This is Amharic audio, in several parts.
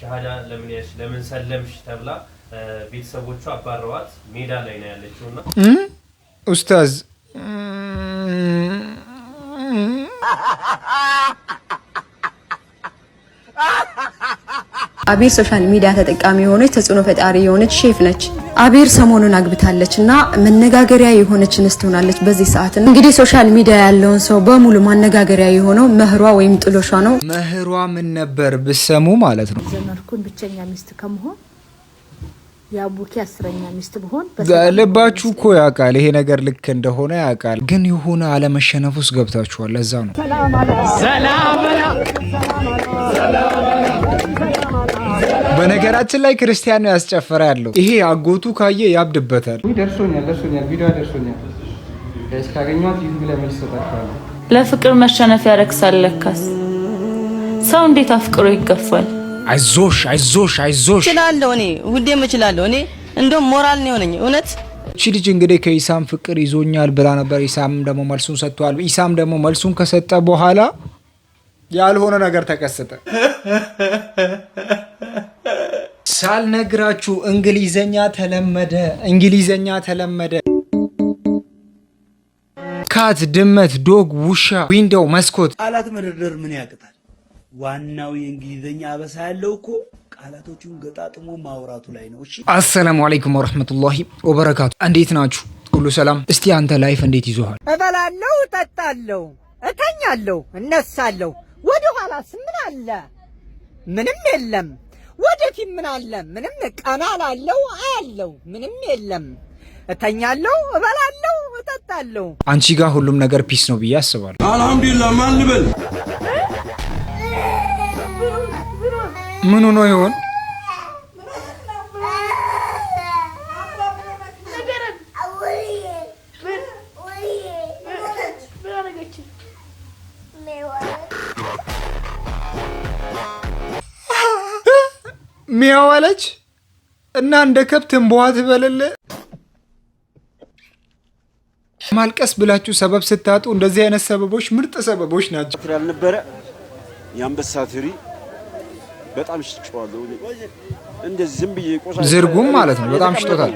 ሻሃዳ ለምን ያልሽ ለምን ሰለምሽ ተብላ ቤተሰቦቹ አባረዋት ሜዳ ላይ ነው ና ኡስታዝ አቢር ሶሻል ሚዲያ ተጠቃሚ የሆነች ተጽዕኖ ፈጣሪ የሆነች ሼፍ ነች። አቢር ሰሞኑን አግብታለች እና መነጋገሪያ የሆነች እንስ ሆናለች። በዚህ ሰዓት እንግዲህ ሶሻል ሚዲያ ያለውን ሰው በሙሉ ማነጋገሪያ የሆነው መህሯ ወይም ጥሎሿ ነው። መህሯ ምን ነበር ብሰሙ ማለት ነው ዘመርኩን ብቸኛ ሚስት ከመሆን የአቡኪ አስረኛ ሚስት ብሆን ልባችሁ እኮ ያውቃል፣ ይሄ ነገር ልክ እንደሆነ ያውቃል። ግን የሆነ አለመሸነፍ ውስጥ ገብታችኋል። ለዛ ነው በነገራችን ላይ ክርስቲያን ነው ያስጨፈረ ያለው። ይሄ አጎቱ ካየ ያብድበታል። ደርሶኛል፣ ደርሶኛል፣ ቪዲዮ ደርሶኛል። እስካገኘኋት ይሁን ብለህ መልስ ሰጣችኋለሁ። ለፍቅር መሸነፍ ያረክሳል። ለካስ ሰው እንዴት አፍቅሮ ይገፋል። አይዞሽ፣ አይዞሽ፣ አይዞሽ እችላለሁ እኔ ሁሌም እችላለሁ እኔ እንደውም ሞራል ነው የሆነኝ እውነት እቺ ልጅ እንግዲህ ከኢሳም ፍቅር ይዞኛል ብላ ነበር። ኢሳም ደግሞ መልሱን ሰጥቷል። ኢሳም ደግሞ መልሱን ከሰጠ በኋላ ያልሆነ ነገር ተከሰተ። ሳልነግራችሁ እንግሊዘኛ ተለመደ፣ እንግሊዘኛ ተለመደ። ካት፣ ድመት፣ ዶግ፣ ውሻ፣ ዊንዶው፣ መስኮት። ቃላት መደርደር ምን ያቅታል? ዋናው የእንግሊዘኛ አበሳ ያለው እኮ ቃላቶቹን ገጣጥሞ ማውራቱ ላይ ነው። እሺ። አሰላሙ አለይኩም ወረህመቱላሂ ወበረካቱ። እንዴት ናችሁ? ሁሉ ሰላም? እስቲ አንተ ላይፍ እንዴት ይዞሃል? እበላለሁ፣ እጠጣለሁ፣ እተኛለሁ፣ እነሳለሁ ወደ ኋላስ ምን አለ? ምንም የለም። ወደፊት ምን አለ? ምንም ቀና ላለው አያለው ምንም የለም። እተኛለሁ፣ እበላለሁ፣ እጠጣለሁ። አንቺ ጋር ሁሉም ነገር ፒስ ነው ብዬ አስባለሁ። አልሐምዱሊላህ። ማን ልበል? ምኑ ነው ይሆን? ሚያዋለች እና እንደ ከብት እንበዋ ትበለለ ማልቀስ ብላችሁ ሰበብ ስታጡ እንደዚህ አይነት ሰበቦች ምርጥ ሰበቦች ናቸው። ያልነበረ የአንበሳ ትሪ በጣም ሽጫዋለሁ። እንደዚህ ዝም ብዬ ቆሳ ዝርጉም ማለት ነው። በጣም ሽጦታል።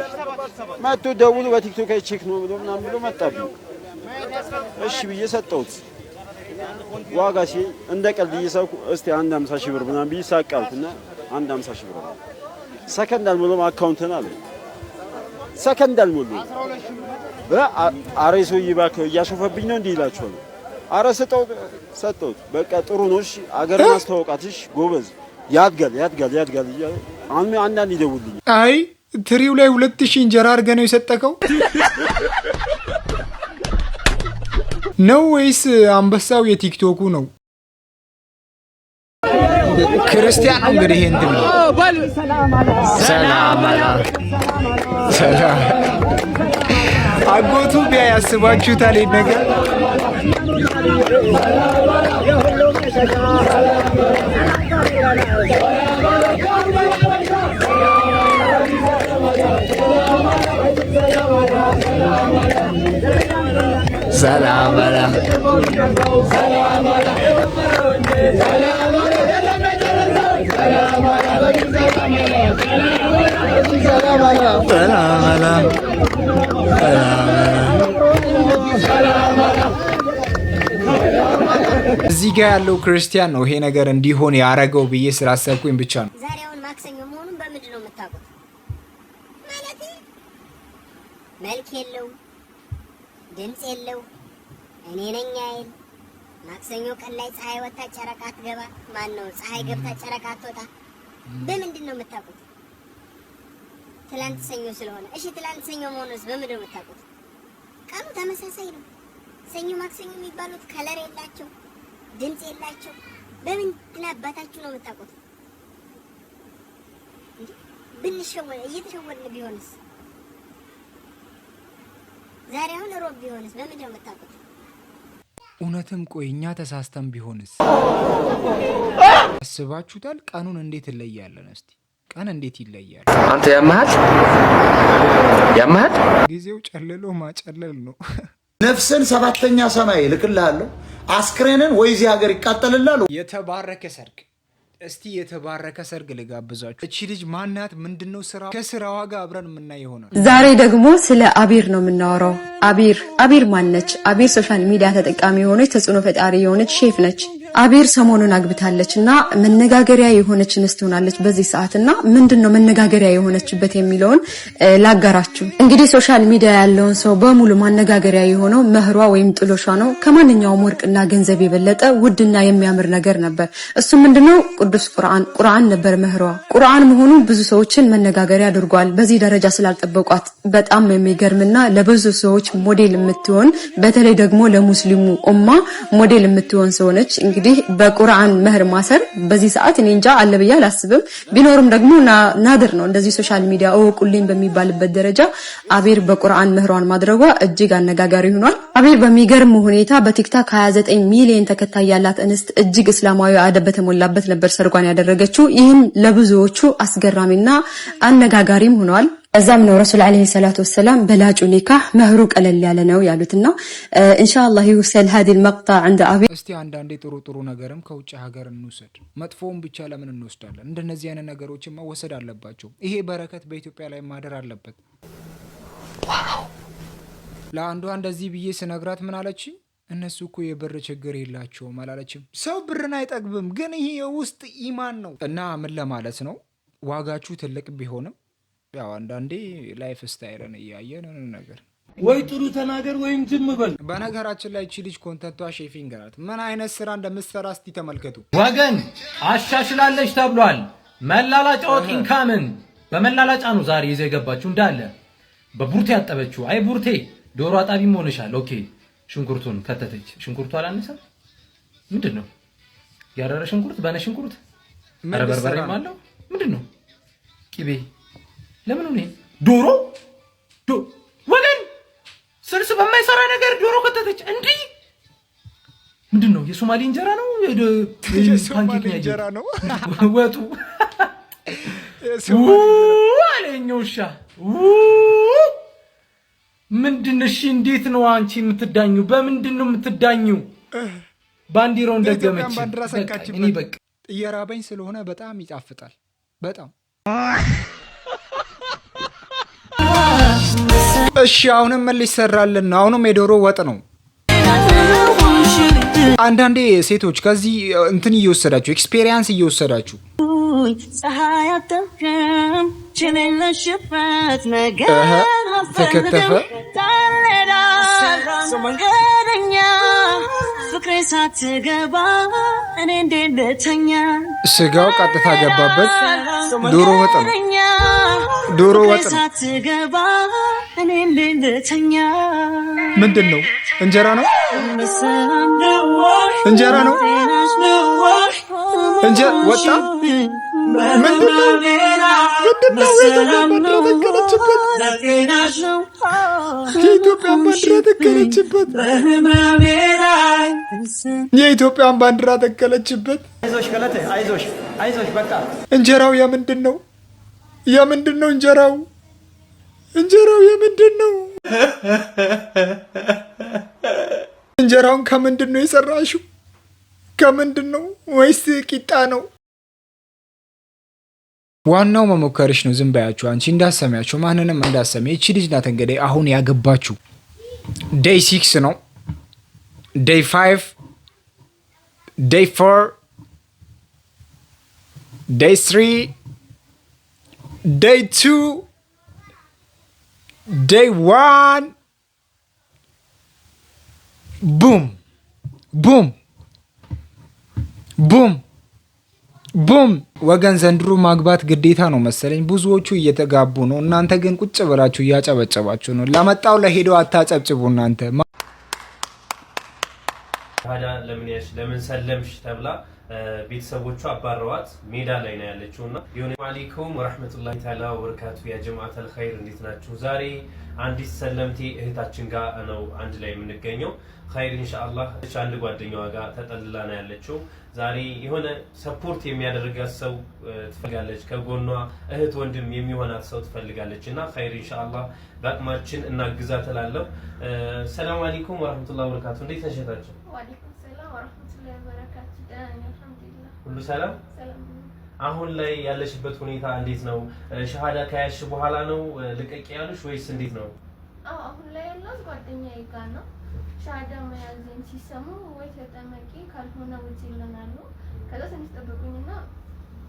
መቶ ደውሎ በቲክቶክ አይቼክ ነው ብሎ ምናምን ብሎ መጣብኝ። እሺ ብዬ ሰጠሁት። ዋጋ ሲ እንደ ቀልድ እየሳኩ እስቲ አንድ አምሳ ሺህ ብር ምናምን ብዬ ሳቃልኩ እና አንድ 50 ሺህ ብር ነው። ሰከንድ አልሞላም አካውንትን አለ ሰከንድ አልሞላም አረ ሰውዬ እባክህ እያሾፈብኝ ነው እንዲህ ይላችኋል። አረ ስጠው ሰጠሁት። በቃ ጥሩ ነው እሺ፣ አገር ማስተዋወቃትሽ ጎበዝ፣ ያድጋል ያድጋል ያድጋል አሁን አንዳንድ ይደውልኝ። አይ ትሪው ላይ ሁለት ሺህ እንጀራ አድርገህ ነው የሰጠከው ነው ወይስ አንበሳው የቲክቶኩ ነው? ክርስቲያን እንግዲህ ይሄ እንትን ነው። ሰላም ሰላም አጎቱ ቢያ ያስባችሁታል ነገር ሰላም እዚህ ጋር ያለው ክርስቲያን ነው ይሄ ነገር እንዲሆን ያደረገው ብዬ ስላሰብኩኝ ብቻ ነው። ዛሬውን ማክሰኞ መሆኑን በምንድን ነው የምታውቁት? ማለት መልክ የለው ድምፅ የለው እኔ ነኝ አይል ማክሰኞ ቀን ላይ ፀሐይ ወጣ ጨረቃ አትገባ። ማን ነው ፀሐይ ገብታ ጨረቃ አትወጣ? በምንድን ነው የምታውቁት? ትላንት ሰኞ ስለሆነ እሺ፣ ትላንት ሰኞ መሆኑስ በምንድን ነው የምታውቁት? ቀኑ ተመሳሳይ ነው። ሰኞ ማክሰኞ የሚባሉት ከለር የላቸው፣ ድምፅ የላቸው። በምንድን አባታችሁ ነው የምታውቁት? ብንሸወድ እየተሸወድን ቢሆንስ? ዛሬ አሁን ሮብ ቢሆንስ በምንድን ነው የምታውቁት? እውነትም ቆይ እኛ ተሳስተን ቢሆንስ? አስባችሁታል? ቀኑን እንዴት እንለያለን? እስቲ ቀን እንዴት ይለያል? አንተ ያመሃል ያመሃል። ጊዜው ጨልሎ ማጨለል ነው። ነፍስን ሰባተኛ ሰማይ ልክልሃለሁ። አስክሬንን ወይ እዚህ ሀገር ይቃጠልላሉ። የተባረከ ሰርግ እስቲ የተባረከ ሰርግ ልጋብዛችሁ። እቺ ልጅ ማናት? ምንድነው ስራ? ከስራዋ ጋር አብረን የምናይ ይሆናል። ዛሬ ደግሞ ስለ አቢር ነው የምናወራው። አቢር አቢር ማን ነች? አቢር ሶሻል ሚዲያ ተጠቃሚ የሆነች ተጽዕኖ ፈጣሪ የሆነች ሼፍ ነች። አቤር ሰሞኑን አግብታለች እና መነጋገሪያ የሆነች እንስት ሆናለች በዚህ ሰዓት እና ምንድን ነው መነጋገሪያ የሆነችበት የሚለውን ላጋራችሁ። እንግዲህ ሶሻል ሚዲያ ያለውን ሰው በሙሉ ማነጋገሪያ የሆነው መህሯ ወይም ጥሎሿ ነው። ከማንኛውም ወርቅና ገንዘብ የበለጠ ውድና የሚያምር ነገር ነበር። እሱ ምንድነው? ቅዱስ ቁርአን ቁርአን ነበር መህሯ። ቁርአን መሆኑ ብዙ ሰዎችን መነጋገሪያ አድርጓል። በዚህ ደረጃ ስላልጠበቋት በጣም የሚገርምና ለብዙ ሰዎች ሞዴል የምትሆን በተለይ ደግሞ ለሙስሊሙ ኡማ ሞዴል የምትሆን ሰው ነች። እንግዲህ በቁርአን መህር ማሰር በዚህ ሰዓት እኔ እንጃ አለ ብዬ አላስብም። ቢኖርም ደግሞ ናድር ነው። እንደዚህ ሶሻል ሚዲያ እወቁልኝ በሚባልበት ደረጃ አቤር በቁርአን ምህሯን ማድረጓ እጅግ አነጋጋሪ ሆኗል። አቤር በሚገርም ሁኔታ በቲክታክ 29 ሚሊዮን ተከታይ ያላት እንስት እጅግ እስላማዊ አደብ በተሞላበት ነበር ሰርጓን ያደረገችው። ይህም ለብዙዎቹ አስገራሚና አነጋጋሪም ሆኗል። እዛም ነው ረሱል ዓለይሂ ሰላቱ ወሰላም በላጩ ኒካህ መህሩ ቀለል ያለ ነው ያሉትና እንሻላ ይውሰል ሀዲ መቅጣ እንደ አብ። እስቲ አንዳንዴ ጥሩ ጥሩ ነገርም ከውጭ ሀገር እንውሰድ፣ መጥፎውን ብቻ ለምን እንወስዳለን? እንደነዚህ አይነት ነገሮችን መወሰድ አለባቸው። ይሄ በረከት በኢትዮጵያ ላይ ማደር አለበት። ለአንዷ እንደዚህ ብዬ ስነግራት ምን አለች? እነሱ እኮ የብር ችግር የላቸውም አላለችም። ሰው ብርን አይጠግብም፣ ግን ይሄ የውስጥ ኢማን ነው እና ምን ለማለት ነው ዋጋችሁ ትልቅ ቢሆንም ያው አንዳንዴ ላይፍ ስታይልን እያየን ነገር ወይ ጥሩ ተናገር ወይም ዝም በል። በነገራችን ላይ እቺ ልጅ ኮንተንቷ ሼፊንግ ናት። ምን አይነት ስራ እንደምትሰራ እስቲ ተመልከቱ ወገን። አሻሽላለች ተብሏል። መላላጫ ወጥ ኢንካምን በመላላጫ ነው ዛሬ ይዘ የገባችሁ እንዳለ በቡርቴ ያጠበችው። አይ ቡርቴ ዶሮ አጣቢም ሆነሻል። ኦኬ ሽንኩርቱን ከተተች። ሽንኩርቱ አላነሰም። ምንድን ነው ያረረ ሽንኩርት በነ ሽንኩርት በርበሬም አለው ምንድን ነው ቂቤ ለምን ነው ዶሮ ወገን ስልስ በማይሰራ ነገር ዶሮ ከተተች እንዴ? ምንድን ነው? የሶማሌ እንጀራ ነው እንጀራ ነው ወጡ አለኛው ውሻ ምንድን እሺ፣ እንዴት ነው አንቺ የምትዳኙ? በምንድን ነው የምትዳኙ? ባንዲራውን ደገመች። እኔ በቃ እየራበኝ ስለሆነ በጣም ይጣፍጣል። በጣም እሺ አሁንም ምን ሊሰራልን ነው? አሁንም የዶሮ ወጥ ነው። አንዳንዴ ሴቶች ከዚህ እንትን እየወሰዳችሁ ኤክስፔሪየንስ እየወሰዳችሁ ፀሐይ አትጠልቅም ችልለሽበት ነገር ተከተፈ ታለዳ መንገደኛ ፍቅሬ ሳትገባ እኔ እንዴት ልተኛ። ስጋው ቀጥታ ገባበት። ዶሮ ወጥ ነው። ዶሮ ወጥ ሳትገባ እኔ እንዴት ልተኛ። ምንድን ነው? እንጀራ ነው። እንጀራ ነው። እንጀራ ወጣ። ምንድን ነው? ተከለችበት? የኢትዮጵያን ባንዲራ ተከለችበት። የኢትዮጵያን ባንዲራ ተከለችበት። እንጀራው የምንድን ነው? የምንድን ነው እንጀራው? እንጀራው የምንድን ነው? እንጀራውን ከምንድን ነው የሰራሽው? ከምንድን ነው ወይስ ቂጣ ነው? ዋናው መሞከርሽ ነው። ዝም ባያችሁ አንቺ እንዳሰሚያቸው ማንንም እንዳሰሚ። ይቺ ልጅ ናት እንግዲህ አሁን ያገባችሁ። ዴይ ሲክስ ነው ደይ ፋይቭ ደይ ፎር ደይ ስሪ ደይ ቱ ደይ ዋን ቡም ቡም ቡም ቡም ወገን ዘንድሮ ማግባት ግዴታ ነው መሰለኝ። ብዙዎቹ እየተጋቡ ነው። እናንተ ግን ቁጭ ብላችሁ እያጨበጨባችሁ ነው። ለመጣው ለሄደው አታጨብጭቡ። እናንተ ለምን ሰለምሽ ተብላ ቤተሰቦቹ አባረዋት ሜዳ ላይ ነው ያለችው እና ሆነ አሌይኩም ወረሕመቱላሂ ተዓላ ወበረካቱ። ያ እንዴት ናችሁ? ዛሬ አንዲት ሰለምቴ እህታችን ጋር ነው አንድ ላይ የምንገኘው። ኸይር ኢንሻአላህ አንድ ጓደኛዋ ጋር ተጠልላ ነው ያለችው። ዛሬ የሆነ ሰፖርት የሚያደርጋት ሰው ትፈልጋለች፣ ከጎኗ እህት ወንድም የሚሆናት ሰው ትፈልጋለች እና ኸይር ኢንሻአላህ በአቅማችን እናግዛት እላለሁ። ሰላም አሌይኩም ወረሕመቱላሂ ወበረካቱ። እንዴት ነሸታቸው? ሁሉ ሰላም። አሁን ላይ ያለሽበት ሁኔታ እንዴት ነው? ሸሃዳ ከያሽ በኋላ ነው ልቀቂ ያሉሽ ወይስ እንዴት ነው? አሁን ላይ ያለው ጓደኛዬ ጋር ነው። ሸሃዳ መያዝን ሲሰሙ ወይ ተጠመቂ ካልሆነ ውጭ ይለናሉ። ከዛ ትንሽ ጠበቁኝና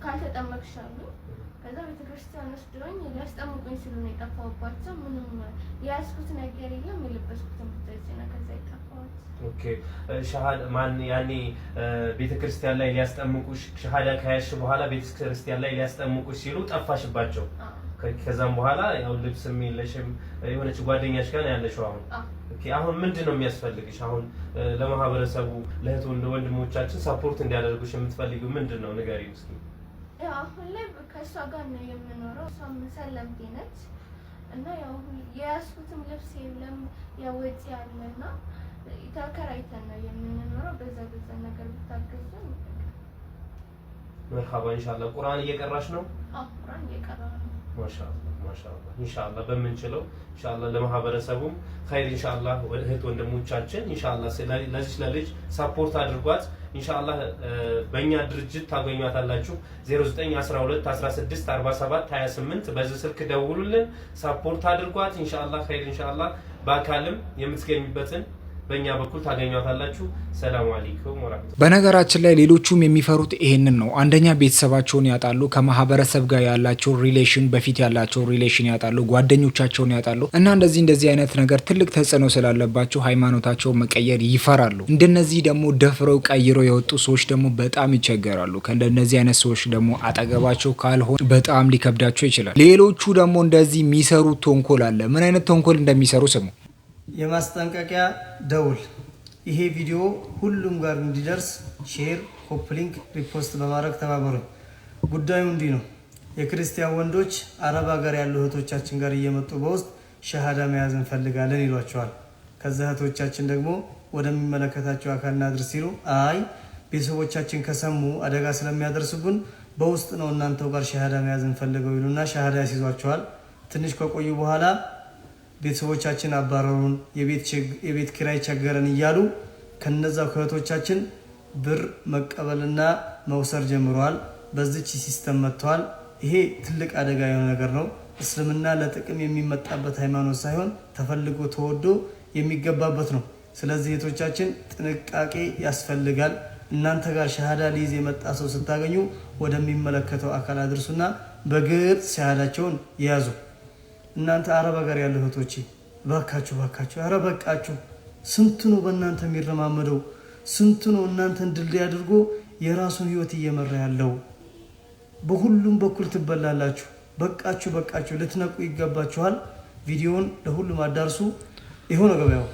ካልተጠመቅሻሉ ከዛ ቤተክርስቲያን ውስጥ ወስደውኝ ሊያስጠምቁኝ ስሉ ነው የጠፋሁባቸው። ምንም የያዝኩት ነገር የለም፣ የለበስኩትን ብታይና ከዛ የጠፋሁት። ማን ያኔ ቤተክርስቲያን ላይ ሊያስጠምቁሽ ሻሃዳ ከያሽ በኋላ ቤተክርስቲያን ላይ ሊያስጠምቁሽ ሲሉ ጠፋሽባቸው። ከዛም በኋላ ያው ልብስም የለሽም የሆነች ጓደኛሽ ጋር ያለሽው አሁን አሁን ምንድን ነው የሚያስፈልግሽ? አሁን ለማህበረሰቡ ለእህት ወንድሞቻችን ሳፖርት እንዲያደርጉሽ የምትፈልጊው ምንድን ነው? ንገሪኝ እስኪ አሁን ላይ ከእሷ ጋር ነው የምኖረው። እሷም ሰለምቴ ነች እና የያዝኩትም ልብስ የለም የወጪ ያለና ተከራይተን ነው የምንኖረው። በዛ በዛ ነገር ብታገዙ መርሀባ። ኢንሻላህ ቁርአን እየቀራሽ ነው? ቁርአን እየቀራ ነው። ማሻአላ ማሻአላ ኢንሻአላ በምንችለው ኢንሻአላ ለማህበረሰቡም ኸይር ኢንሻአላ እህት ወንድሞቻችን ኢንሻአላ ለዚች ለልጅ ሳፖርት አድርጓት ኢንሻአላ በእኛ ድርጅት ታገኟታላችሁ 0912 16 47 28 በዚህ ስልክ ደውሉልን ሳፖርት አድርጓት ኢንሻአላ ኸይር ኢንሻአላ በአካልም የምትገኝበትን በእኛ በኩል ታገኟታላችሁ። ሰላም አሌይኩም። በነገራችን ላይ ሌሎቹም የሚፈሩት ይሄንን ነው። አንደኛ ቤተሰባቸውን ያጣሉ፣ ከማህበረሰብ ጋር ያላቸው ሪሌሽን፣ በፊት ያላቸው ሪሌሽን ያጣሉ፣ ጓደኞቻቸውን ያጣሉ እና እንደዚህ እንደዚህ አይነት ነገር ትልቅ ተጽዕኖ ስላለባቸው ሃይማኖታቸውን መቀየር ይፈራሉ። እንደነዚህ ደግሞ ደፍረው ቀይረው የወጡ ሰዎች ደግሞ በጣም ይቸገራሉ። ከእንደነዚህ አይነት ሰዎች ደግሞ አጠገባቸው ካልሆን በጣም ሊከብዳቸው ይችላል። ሌሎቹ ደግሞ እንደዚህ የሚሰሩት ተንኮል አለ። ምን አይነት ተንኮል እንደሚሰሩ ስሙ። የማስጠንቀቂያ ደውል። ይሄ ቪዲዮ ሁሉም ጋር እንዲደርስ ሼር፣ ኮፕሊንክ፣ ሪፖስት በማድረግ ተባበሩኝ። ጉዳዩ እንዲህ ነው። የክርስቲያን ወንዶች አረብ ሀገር ያሉ እህቶቻችን ጋር እየመጡ በውስጥ ሸሃዳ መያዝ እንፈልጋለን ይሏቸዋል። ከዛ እህቶቻችን ደግሞ ወደሚመለከታቸው አካል እናድርስ ሲሉ አይ ቤተሰቦቻችን ከሰሙ አደጋ ስለሚያደርሱብን በውስጥ ነው እናንተው ጋር ሸሃዳ መያዝ እንፈልገው ይሉና ሸሃዳ ያስይዟቸዋል። ትንሽ ከቆዩ በኋላ ቤተሰቦቻችን አባረሩን፣ የቤት ኪራይ ቸገረን እያሉ ከነዛ ከእህቶቻችን ብር መቀበልና መውሰር ጀምረዋል። በዚች ሲስተም መጥተዋል። ይሄ ትልቅ አደጋ የሆነ ነገር ነው። እስልምና ለጥቅም የሚመጣበት ሃይማኖት ሳይሆን ተፈልጎ ተወዶ የሚገባበት ነው። ስለዚህ እህቶቻችን ጥንቃቄ ያስፈልጋል። እናንተ ጋር ሻሃዳ ሊይዝ የመጣ ሰው ስታገኙ ወደሚመለከተው አካል አድርሱና በግልጽ ሻሃዳቸውን ያዙ። እናንተ አረብ ሀገር ያለ እህቶቼ ባካችሁ ባካችሁ፣ አረ በቃችሁ። ስንት ነው በእናንተ የሚረማመደው? ስንት ነው እናንተን ድልድይ አድርጎ የራሱን ህይወት እየመራ ያለው? በሁሉም በኩል ትበላላችሁ። በቃችሁ በቃችሁ፣ ልትነቁ ይገባችኋል። ቪዲዮውን ለሁሉም አዳርሱ። ይሁን ገበያው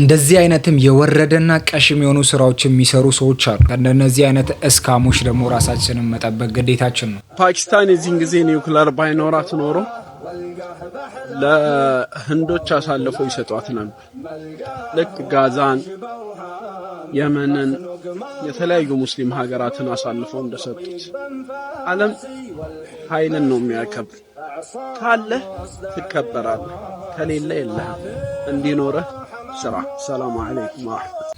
እንደዚህ አይነትም የወረደና ቀሽም የሆኑ ስራዎች የሚሰሩ ሰዎች አሉ። ከእንደነዚህ አይነት እስካሞች ደግሞ ራሳችንን መጠበቅ ግዴታችን ነው። ፓኪስታን የዚህን ጊዜ ኒውክለር ባይኖራት ኖሮ ለህንዶች አሳልፈው ይሰጧት ነበር። ልክ ጋዛን፣ የመንን፣ የተለያዩ ሙስሊም ሀገራትን አሳልፈው እንደሰጡት። ዓለም ኃይልን ነው የሚያከብር። ካለህ ትከበራለህ፣ ከሌለ የለህም። እንዲኖረህ ስራ። ሰላም አለይኩም።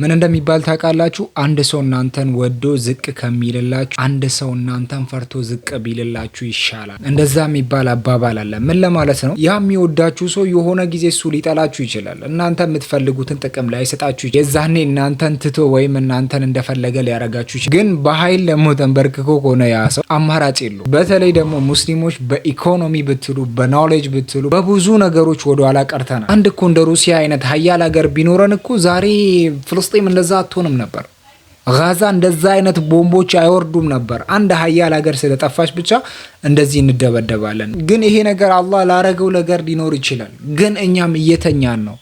ምን እንደሚባል ታውቃላችሁ? አንድ ሰው እናንተን ወዶ ዝቅ ከሚልላችሁ አንድ ሰው እናንተን ፈርቶ ዝቅ ቢልላችሁ ይሻላል። እንደዛ የሚባል አባባል አለ። ምን ለማለት ነው? ያ የሚወዳችሁ ሰው የሆነ ጊዜ እሱ ሊጠላችሁ ይችላል። እናንተ የምትፈልጉትን ጥቅም ላይሰጣችሁ፣ የዛኔ እናንተን ትቶ ወይም እናንተን እንደፈለገ ሊያረጋችሁ ይችላል። ግን በኃይል ደግሞ ተንበርክኮ ከሆነ ያ ሰው አማራጭ የለው። በተለይ ደግሞ ሙስሊሞች በኢኮኖሚ ብትሉ፣ በኖሌጅ ብትሉ፣ በብዙ ነገሮች ወደኋላ ቀርተናል። አንድ እኮ እንደ ሩሲያ አይነት ሀያል ሀገር ቢኖረን እኮ ዛሬ ፍልስጤም እንደዛ አትሆንም ነበር። ጋዛ እንደዛ አይነት ቦምቦች አይወርዱም ነበር። አንድ ሀያል ሀገር ስለጠፋች ብቻ እንደዚህ እንደበደባለን። ግን ይሄ ነገር አላህ ላረገው ነገር ሊኖር ይችላል። ግን እኛም እየተኛን ነው።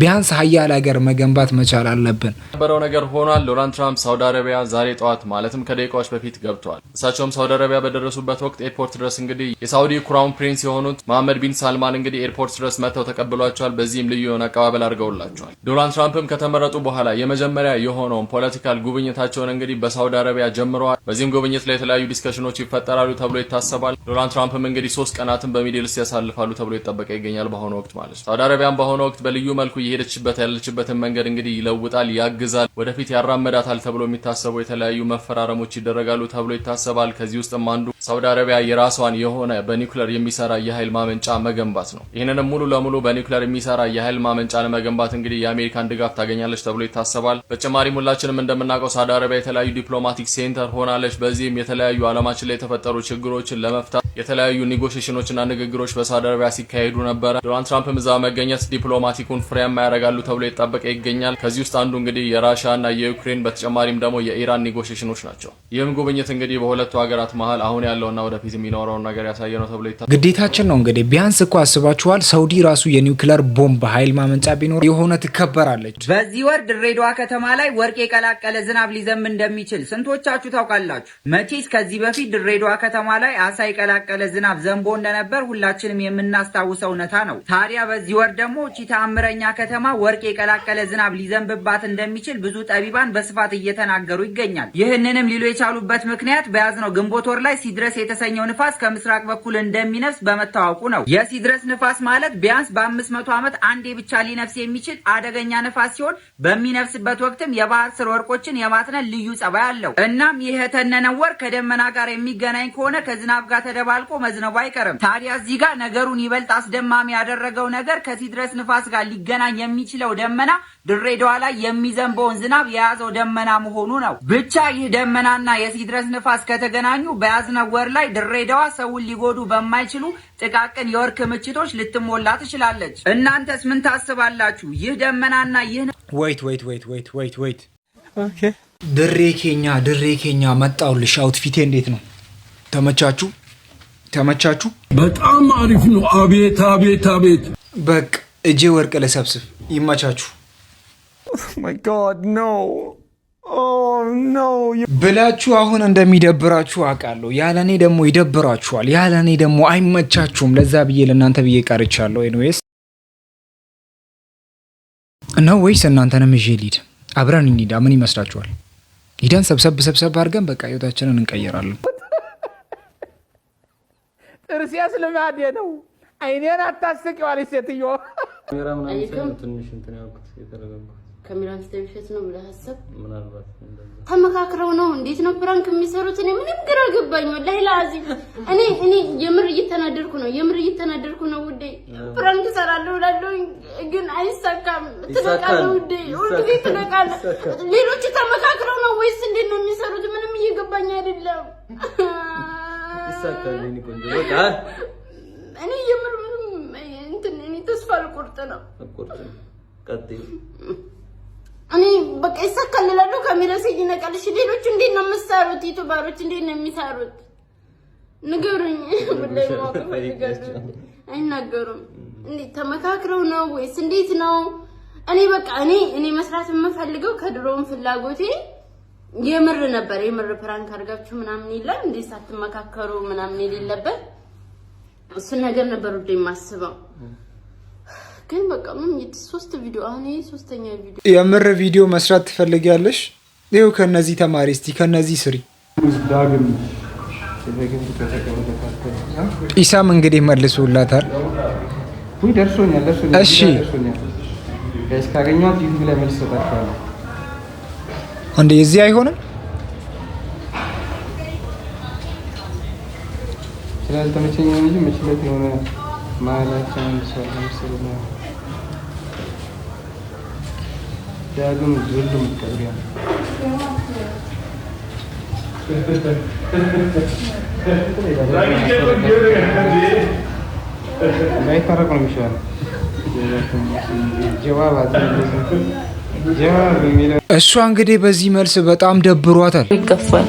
ቢያንስ ሀያል ሀገር መገንባት መቻል አለብን። ነበረው ነገር ሆኗል። ዶናልድ ትራምፕ ሳውዲ አረቢያ ዛሬ ጠዋት ማለትም ከደቂቃዎች በፊት ገብተዋል። እሳቸውም ሳውዲ አረቢያ በደረሱበት ወቅት ኤርፖርት ድረስ እንግዲህ የሳውዲ ክራውን ፕሪንስ የሆኑት መሐመድ ቢን ሳልማን እንግዲህ ኤርፖርት ድረስ መጥተው ተቀብሏቸዋል። በዚህም ልዩ የሆነ አቀባበል አድርገውላቸዋል። ዶናልድ ትራምፕም ከተመረጡ በኋላ የመጀመሪያ የሆነውን ፖለቲካል ጉብኝታቸውን እንግዲህ በሳውዲ አረቢያ ጀምረዋል። በዚህም ጉብኝት ላይ የተለያዩ ዲስከሽኖች ይፈጠራሉ ተብሎ ይታሰባል። ዶናልድ ትራምፕም እንግዲህ ሶስት ቀናትን በሚድል ኢስት ያሳልፋሉ ተብሎ ይጠበቀ ይገኛል። በአሁኑ ወቅት ማለት ነው። ሳውዲ አረቢያም በአሁኑ ወቅት በልዩ መልኩ እየሄደችበት ያለችበትን መንገድ እንግዲህ ይለውጣል፣ ያግዛል፣ ወደፊት ያራመዳታል ተብሎ የሚታሰቡ የተለያዩ መፈራረሞች ይደረጋሉ ተብሎ ይታሰባል። ከዚህ ውስጥም አንዱ ሳውዲ አረቢያ የራሷን የሆነ በኒውክለር የሚሰራ የኃይል ማመንጫ መገንባት ነው። ይህንንም ሙሉ ለሙሉ በኒውክለር የሚሰራ የኃይል ማመንጫ ለመገንባት እንግዲህ የአሜሪካን ድጋፍ ታገኛለች ተብሎ ይታሰባል። በተጨማሪም ሁላችንም እንደምናውቀው ሳውዲ አረቢያ የተለያዩ ዲፕሎማቲክ ሴንተር ሆናለች። በዚህም የተለያዩ አለማችን ላይ የተፈጠሩ ችግሮችን ለመፍታት የተለያዩ ኔጎሽሽኖችና ንግግሮች በሳውዲ አረቢያ ሲካሄዱ ነበረ። ዶናልድ ትራምፕም እዛ መገኘት ዲፕሎማቲኩን ፍሬ ውጤታማ ያደርጋሉ ተብሎ የጠበቀ ይገኛል። ከዚህ ውስጥ አንዱ እንግዲህ የራሽያና የዩክሬን በተጨማሪም ደግሞ የኢራን ኔጎሽሽኖች ናቸው። ይህም ጉብኝት እንግዲህ በሁለቱ ሀገራት መሀል አሁን ያለውና ወደፊት የሚኖረውን ነገር ያሳየ ነው ተብሎ ይታ ግዴታችን ነው እንግዲህ ቢያንስ እኮ አስባችኋል ሳውዲ ራሱ የኒውክለር ቦምብ ኃይል ማመንጫ ቢኖር የሆነ ትከበራለች። በዚህ ወር ድሬዳዋ ከተማ ላይ ወርቅ የቀላቀለ ዝናብ ሊዘም እንደሚችል ስንቶቻችሁ ታውቃላችሁ? መቼስ ከዚህ በፊት ድሬዳዋ ከተማ ላይ አሳ የቀላቀለ ዝናብ ዘንቦ እንደነበር ሁላችንም የምናስታውሰው እውነታ ነው። ታዲያ በዚህ ወር ደግሞ ቺታ አምረኛ ከተማ ወርቅ የቀላቀለ ዝናብ ሊዘንብባት እንደሚችል ብዙ ጠቢባን በስፋት እየተናገሩ ይገኛል። ይህንንም ሊሉ የቻሉበት ምክንያት በያዝነው ግንቦት ወር ላይ ሲድረስ የተሰኘው ንፋስ ከምስራቅ በኩል እንደሚነፍስ በመታወቁ ነው። የሲድረስ ንፋስ ማለት ቢያንስ በአምስት መቶ ዓመት አንዴ ብቻ ሊነፍስ የሚችል አደገኛ ንፋስ ሲሆን በሚነፍስበት ወቅትም የባህር ስር ወርቆችን የማትነን ልዩ ጸባይ አለው። እናም ይህ የተነነው ወር ከደመና ጋር የሚገናኝ ከሆነ ከዝናብ ጋር ተደባልቆ መዝነቡ አይቀርም። ታዲያ እዚህ ጋር ነገሩን ይበልጥ አስደማሚ ያደረገው ነገር ከሲድረስ ንፋስ ጋር ሊገናኝ የሚችለው ደመና ድሬዳዋ ላይ የሚዘንበውን ዝናብ የያዘው ደመና መሆኑ ነው። ብቻ ይህ ደመናና የሲድረስ ንፋስ ከተገናኙ በያዝነው ወር ላይ ድሬዳዋ ሰውን ሊጎዱ በማይችሉ ጥቃቅን የወርቅ ክምችቶች ልትሞላ ትችላለች። እናንተስ ምን ታስባላችሁ? ይህ ደመናና ይህ ወይት ወይት ወይት ወይት ወይት ወይት ድሬ ኬኛ ድሬ ኬኛ መጣሁልሽ። አውትፊቴ እንዴት ነው? ተመቻችሁ? ተመቻችሁ? በጣም አሪፍ ነው። አቤት አቤት አቤት በቃ እጄ ወርቅ ለሰብስብ ይመቻችሁ ብላችሁ አሁን እንደሚደብራችሁ አውቃለሁ። ያለኔ ደግሞ ይደብራችኋል። ያለኔ ደግሞ አይመቻችሁም። ለዛ ብዬ ለእናንተ ብዬ ቀርቻለሁ። ኤንዌስ ነው ወይስ እናንተንም ይዤ ሊድ አብረን እንሂዳ። ምን ይመስላችኋል? ሂደን ሰብሰብ ሰብሰብ አድርገን በቃ ህይወታችንን እንቀይራለን። ጥርስ ያስልማዴ ነው አይኔን አታስቂዋል ሴትዮ። ተመካክረው ነው እንዴት ነው ፕራንክ የሚሰሩት? እኔ ምንም ግራ አልገባኝ። ወላሂ ለአዚም እኔ እኔ የምር እየተናደርኩ ነው፣ የምር እየተናደርኩ ነው ውዴ። ፕራንክ እሰራለሁ እላለሁ ግን አይሳካም። ትነቃለህ ውዴ፣ ሁልጊዜ ትነቃለህ። ሌሎች ተመካክረው ነው ወይስ እንዴት ነው የሚሰሩት? ምንም እየገባኝ አይደለም። ነው። እኔ በቃ ይሳካል እላለሁ። ካሜራ ሌሎቹ እንዴት ነው የምትሰሩት? ዩቱበሮች እንዴት ነው የሚሰሩት? ንገሩኝ። አይናገሩም። እንዴት ተመካክረው ነው ወይስ እንዴት ነው? እኔ በቃ እኔ እኔ መስራት የምፈልገው ከድሮውን ፍላጎቴ የምር ነበር። የምር ፕራንክ አድርጋችሁ ምናምን ይላል እንዴ ሳትመካከሩ ምናምን የሌለበት እሱን ነገር ነበር ወደ የማስበው ግን በቃ ምን ሶስት ቪዲዮ አሁን ይሄ ሶስተኛ ቪዲዮ የምር ቪዲዮ መስራት ትፈልጊያለሽ? ይኸው ከነዚህ ተማሪ እስቲ ከነዚህ ስሪ። ኢሳም እንግዲህ መልሶላታል። ደርሶኛል፣ ደርሶኛል። እሺ ላይ እንዴ እዚህ አይሆንም። ስላልተመቸኝ ነው እንጂ መችለት የሆነ ማላቸው ሰ ዳግም ዝሉ መቀበያ ነው የሚሻለው። እሷ እንግዲህ በዚህ መልስ በጣም ደብሯታል። ይገፋል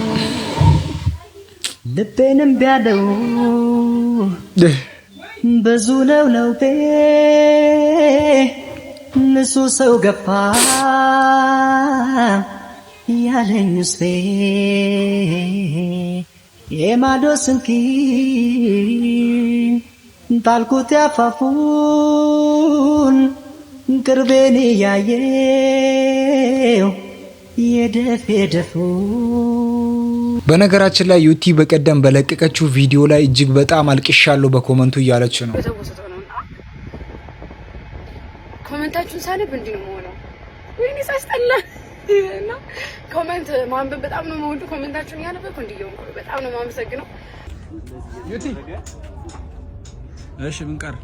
ልቤንም ቢያለው ብዙ ለውለውቴ ንሱ ሰው ገፋ ያለኝ ውስጤ የማዶ ስንኪ ጣልኩት ያፋፉን ቅርቤን እያየው የደፍ የደፉ በነገራችን ላይ ዩቲ በቀደም በለቀቀችው ቪዲዮ ላይ እጅግ በጣም አልቅሻለሁ በኮመንቱ እያለች ነው። ኮመንታችሁን ሳነብ እንዲህ የምሆነው ወይኔ ሳስጠላ እና ኮመንት ማንበብ በጣም ነው የምወደው። ኮመንታችሁን ያነበብኩ ነው። በጣም ነው የማመሰግነው። ዩቲ እሺ ምን ቀር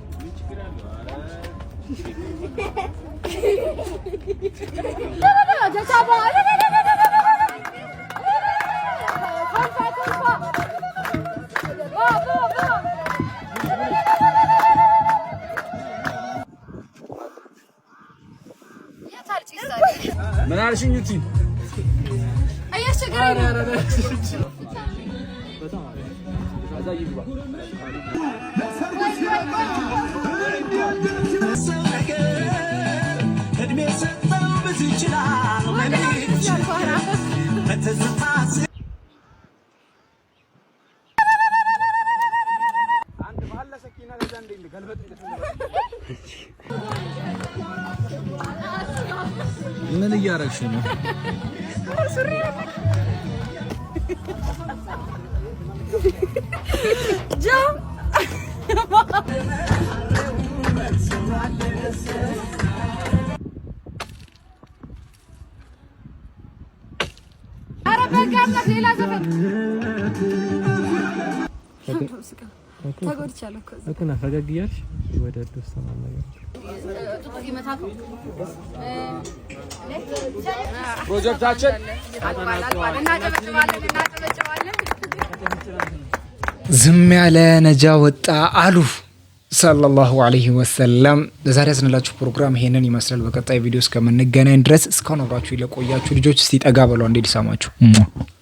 ምን አልሽኝ? ዩቲ እድሜ ሰጠው ብዙ ይችላል እየለበስሽ ነው? ፈገግ እያልሽ ወደ ፕሮጀክታችን ዝም ያለ ነጃ ወጣ አሉ ሰለላሁ አለይህ ወሰለም። ለዛሬ ያዝንላችሁ ፕሮግራም ይሄንን ይመስላል። በቀጣይ ቪዲዮ እስከምንገናኝ ድረስ እስካሁን አብራችሁ ለቆያችሁ ልጆች እስቲ ጠጋ በሉ እንዴ ሊሰማችሁ